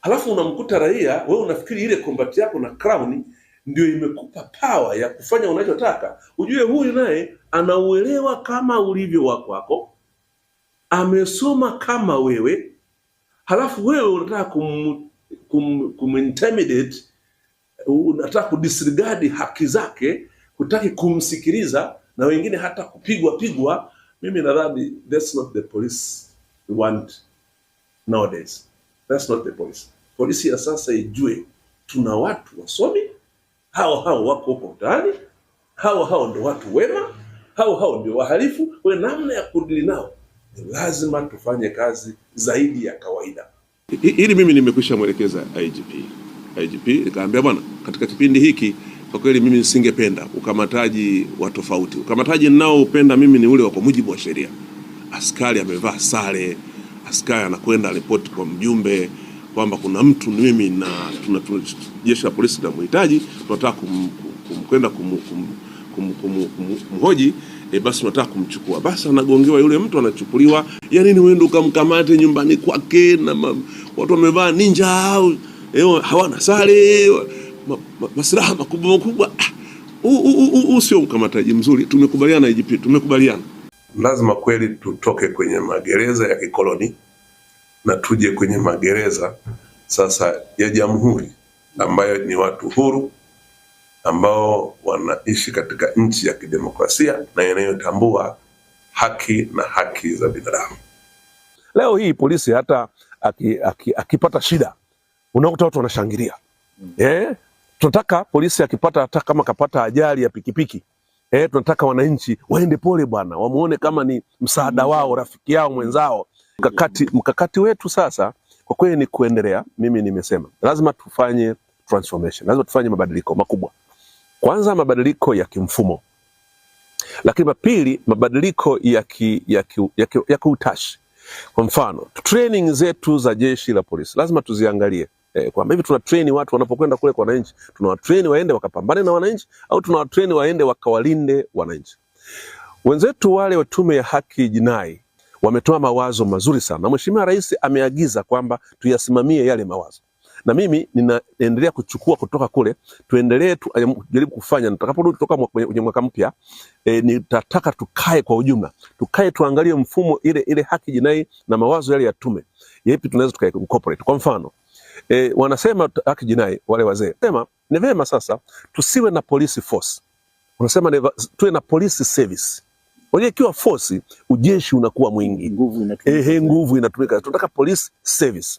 Halafu unamkuta raia, wewe unafikiri ile kombati yako na crown ndio imekupa pawa ya kufanya unachotaka. Ujue huyu naye anauelewa kama ulivyo wako wako, amesoma kama wewe, halafu wewe unataka kum, kum, kum intimidate, unataka kudisregard haki zake, hutaki kumsikiliza na wengine hata kupigwa pigwa. Mimi nadhani that's not the police we want nowadays. That's not the policy. Polisi ya sasa ijue tuna watu wasomi, hao hao wako huko ndani, hao hao ndio watu wema, hao hao ndio wahalifu. We, namna ya kudili nao ni lazima tufanye kazi zaidi ya kawaida. Hili mimi nimekwisha mwelekeza IGP. IGP nikaambia, bwana, katika kipindi hiki kwa kweli mimi nisingependa ukamataji wa tofauti. Ukamataji upenda mimi ni ule wa kwa mujibu wa sheria. Askari amevaa sare askari anakwenda ripoti kwa mjumbe kwamba kuna mtu ni mimi na jeshi la polisi linamhitaji, tunataka kumkwenda kum, kum, kum, kum, kum, kumhoji e, basi tunataka kumchukua. Basi anagongewa yule mtu, anachukuliwa. yani ni wewe ukamkamate nyumbani kwake, na ma, watu wamevaa ninja au eh, hawana sare, masilaha makubwa makubwa. Huu ah, sio ukamataji mzuri. Tumekubaliana IGP, tumekubaliana lazima kweli tutoke kwenye magereza ya kikoloni na tuje kwenye magereza sasa ya jamhuri ambayo ni watu huru ambao wanaishi katika nchi ya kidemokrasia na inayotambua haki na haki za binadamu. Leo hii polisi hata akipata aki, aki shida unakuta watu wanashangilia. Mm. Eh, tunataka polisi akipata hata kama kapata ajali ya pikipiki eh, tunataka wananchi waende pole bwana, wamuone kama ni msaada wao, rafiki yao, mwenzao. Mkakati, mkakati wetu sasa kwa kweli ni kuendelea. Mimi nimesema lazima tufanye transformation, lazima tufanye mabadiliko makubwa, kwanza mabadiliko ya kimfumo, lakini pili mabadiliko ya ki, ya ki, ya, ki, ya kiutashi. Kwa mfano training zetu za jeshi la polisi lazima tuziangalie eh, kwamba hivi tuna train watu wanapokwenda kule kwa wananchi, tunawa tunawatrain waende wakapambane na wananchi au tunawa tunawatrain waende wakawalinde wananchi? Wenzetu wale wa Tume ya Haki Jinai wametoa mawazo mazuri sana, na Mheshimiwa Rais ameagiza kwamba tuyasimamie yale mawazo, na mimi ninaendelea kuchukua kutoka kule, tuendelee tujaribu eh, kufanya. Nitakaporudi kutoka kwenye mwaka mpya e, nitataka tukae kwa ujumla, tukae tuangalie mfumo ile ile haki jinai na mawazo yale ya tume, yapi tunaweza tukaincorporate. Kwa mfano e, wanasema haki jinai wale wazee, sema ni vema sasa tusiwe na police force, wanasema tuwe na police service. Unajua, ikiwa force ujeshi unakuwa mwingi, nguvu inatumika, e, nguvu inatumika. Tunataka police service